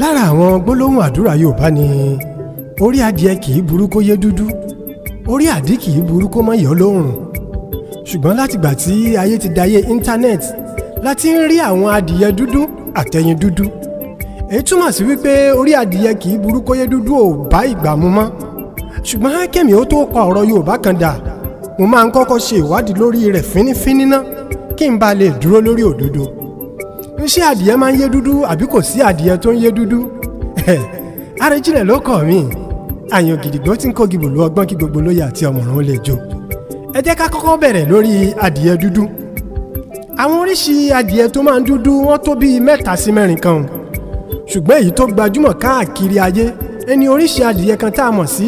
lára àwọn gbólóhùn àdúrà Yorùbá ni orí adìẹ kì í burú kó yé dúdú orí àdí kì í burú kó mọ yọ lóòrùn ṣùgbọ́n látìgbà tí ayé ti dayé íńtánẹ́ẹ̀tì láti ń rí àwọn adìẹ dúdú àtẹyin dúdú èyí túmọ̀ sí wípé orí adìẹ kì í burú kó yé dúdú ò bá ìgbà mu mọ́ ṣùgbọ́n kẹ́mi ó tó pa ọ̀rọ̀ Yorùbá kan dà mo máa ń kọ́kọ́ ṣe ìwádìí lórí rẹ̀ fínífíní ná kí n ba lè dúró lórí òdodo ṣé adìyẹ máa ń yé dúdú àbí kò sí adìyẹ tó ń yé dúdú Àrẹ̀jìnlẹ̀ ló kọ̀ mí àyàn gidigbó tí ń kó gibò lu ọgbọ́n kí gbogbo lóye àti ọ̀mọ̀ràn ó lè jó ẹ jẹ́ ká kọ́kọ́ bẹ̀rẹ̀ lórí adìyẹ dúdú àwọn oríṣi adìyẹ tó máa ń dúdú wọ́n tó bíi mẹ́ta sí mẹ́rin kan ṣùgbọ́n èyí tó gbajúmọ̀ káàkiri ayé ẹni oríṣi adìyẹ kan tá a mọ̀ sí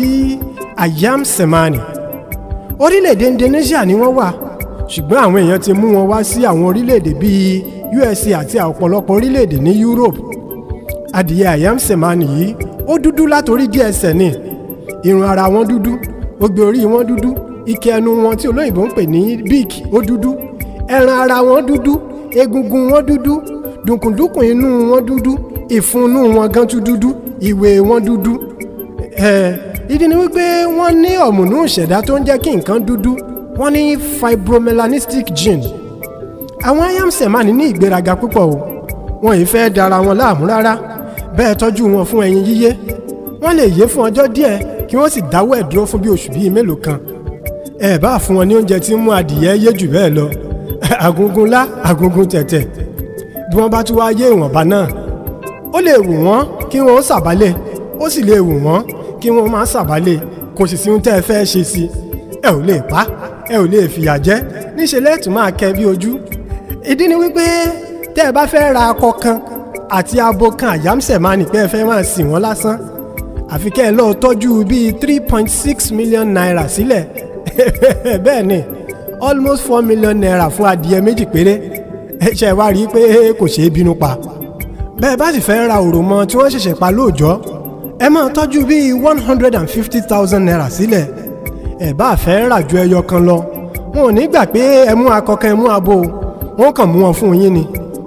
ayam semani orílẹ̀-èdè Indonesia ni wọ́n wà ṣùgbọ́n àwọn èèyàn ti mú wọn wá sí àwọn orílẹ̀-èdè bíi USA àti ọ̀pọ̀lọpọ̀ orílẹ̀-èdè ní Europe adìyẹ àyàmsèmánì yìí ó dúdú látòrí dí ẹsẹ̀ ni irun ara wọn dúdú ògbè orí wọn dúdú ike ẹnu wọn tí olóyìnbó ń pè ní beak ó dúdú ẹran ara wọn dúdú egungun wọn dúdú dùnkùndùnkùn inú wọn dúdú ìfúnnú wọn gan tún dúdú ìwé wọn dúdú ìdí ni wípé wọ́n ní ọ̀mùnú ìṣẹ̀dá tó ń jẹ́ kí nǹkan dúdú wọ́n ní fibromelanistic gene àwọn ayamsẹ̀ máa ní ní ìgbéraga púpọ̀ o wọn yìí fẹ́ dara wọn láàmú rárá bẹ́ẹ̀ tọ́jú wọn fún ẹyin yíyé wọ́n lè yé fún ọjọ́ díẹ̀ kí wọ́n sì dáwọ́ ẹ̀ dúró fún bí oṣù bíi mélòó kan ẹ bá fún wọn ní oúnjẹ tí ń mú adìyẹ yé jù bẹ́ẹ̀ lọ agungun lá agungun tẹ̀tẹ̀ bí wọ́n bá tún wá yé ìwọ̀nba náà ó lè wù wọ́n kí wọ́n ó sàbálẹ̀ ó sì lè wù wọ́n kí wọ́n máa sàbálẹ̀ kò sì sí ohun tẹ́ ẹ fẹ́ ṣe sí ẹ ò lè pa á ẹ ò lè fìyà jẹ níṣẹ́ lẹ́tùn máa kẹ bí ojú ìdí ni wípé tẹ́ ẹ bá fẹ́ ra akọ kan àti abo kan àyámsẹ̀ máa nìpẹ́ ẹ fẹ́ máa sìn wọ́n lásán àfi kẹ́ ẹ lọ́ọ́ tọ́jú bíi three point six million naira sílẹ̀ bẹ́ẹ̀ ni almost four million naira fún adìẹ méjì péré ẹ ṣe wá rí i pé kò ṣeé bínú pa bẹ́ẹ̀ bá sì fẹ́ ra òròmọ tí wọ́n ṣẹ̀ṣẹ̀ pa lóòjọ́ ẹ máa tọ́jú bíi one hundred and fifty thousand naira sílẹ̀ ẹ̀ bá fẹ́ rà ju ẹyọ kan lọ wọn ò ní gbà pé ẹ mú akọ kan ẹ mú abo wọn kàn mú wọn fún yín ni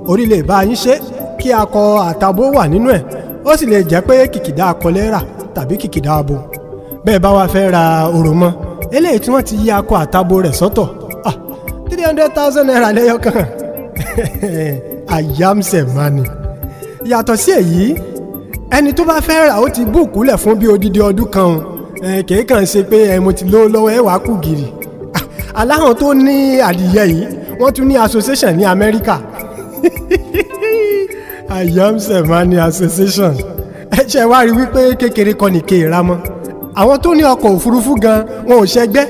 orí lè bá yín ṣe kí akọ àtàbó wà nínú ẹ̀ ó sì lè jẹ́ pé kìkìdá akọ lẹ́rà tàbí kìkìdá abo bẹ́ẹ̀ bá wa fẹ́ ra òròmọ eléyìí tí wọ́n ti yí akọ àtàbó rẹ̀ sọ́tọ̀ ah, three hundred thousand naira lẹ́yọ kan àyàmsẹ̀ mani yàtọ̀ sí èyí ẹni tó bá fẹ́ rà ó ti búùkù lẹ̀ fún bí odidi ọdún kan o kìí kàn ṣe pé ẹ mo ti lówó lọ́wọ́ ẹ wàá kù gìrì ah, aláhàn tó ní adìyẹ yìí wọ́n tún ní association ní Amẹ́ríkà Ayam Semani association ẹ ṣe wá rí wípé kékeré kan nìke ìramọ́ àwọn tó ní ọkọ̀ òfurufú gan wọn ò ṣẹgbẹ́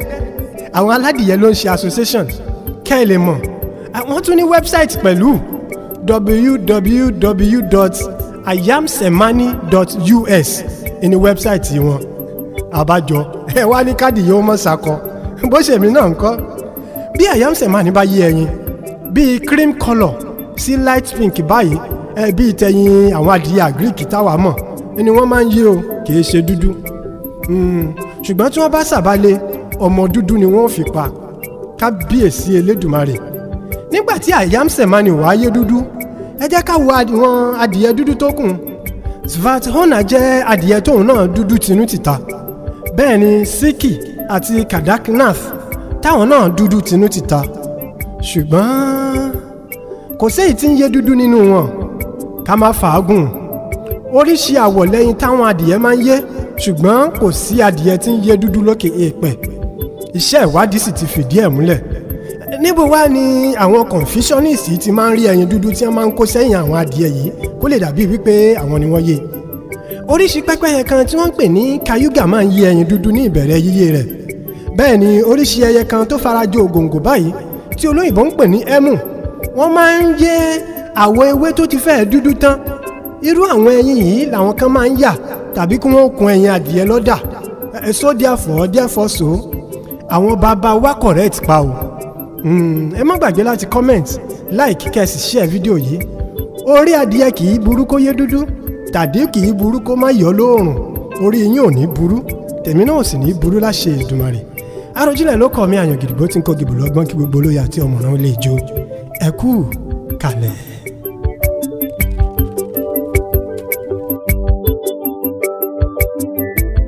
àwọn aládìyẹ ló ń ṣe association kẹ́ lè mọ̀ ah, wọ́n tún ní website pẹ̀lú www.ayamsemani.us ní website wọn àbájọ ẹ wá ní káàdì yìí ó mọ̀ sakọ bó ṣe mí náà ń kọ́ bí àyàmsẹ̀mánì bá yí ẹyin bíi cream colour sí light pink báyìí ẹ bíi tẹyin àwọn adìyẹ àgíríkì táwa mọ̀ ni wọ́n máa ń yí o kì í ṣe dúdú hmm, ṣùgbọ́n tí wọ́n bá ṣàbálẹ̀ ọmọ dúdú ni wọ́n fi pa kábíyèsí elédùmarè nígbà tí àyàmsẹ̀mánì wáyé dúdú ẹ jẹ́ ká wo àwọn adìyẹ dúdú tó kù Svathona jẹ́ adìyẹ tóun náà dúdú tinú tìta bẹ́ẹ̀ ni Síkì àti Kadaknath táwọn náà dúdú tinú ti ta ṣùgbọ́n kò séyìí tí ń yé dúdú nínú wọn ká má fàágùn oríṣi àwọ̀ lẹ́yìn táwọn adìyẹ máa ń yé ṣùgbọ́n kò sí adìyẹ tí ń yé dúdú lókè èèpẹ̀ iṣẹ́ ìwádìí sì ti fìdí ẹ̀ múlẹ̀ níbo wá ni àwọn confucianist ti máa ń rí ẹyin dúdú tí wọ́n máa ń kó sẹ́yìn àwọn adìyẹ yìí kó lè dàbí wípé àwọn ni wọ́n yé e oríṣi pẹ́pẹ́yẹ kan tí wọ́n ń pè ní kayuga máa ń yé ẹyin dúdú ní ìbẹ̀rẹ̀ yíyé rẹ̀ bẹ́ẹ̀ ni oríṣi ẹyẹ kan tó farajọ ògòǹgò báyìí tí olóyìnbó ń pè ní emu wọ́n máa ń yé àwọ̀ ewé tó ti fẹ́ẹ̀ dúdú tán irú àwọn ẹyin yìí làwọn kan máa ń yà tàbí kí wọ́n kun ẹyin adìyẹ lọ́dà so therefore therefore so àwọn bàbá wa correct pa o hmm, ẹ má gbàgbé láti comment like kẹ́ ẹ sì share fídíò yìí orí adìyẹ kì í burú kó yé dúdú tàdé kì í burú kó má yọ lóòrùn orí yín ò ní burú tèmi náà ò sì ní burú láṣẹ Èdùmàrè Àròjinlẹ̀ ló kọ́ mi àyàn gidigbo tí ń kọ́ gìbò lọ́gbọ́n kí gbogbo olóye àti ọmọràn lè jó ẹ kú kalẹ̀.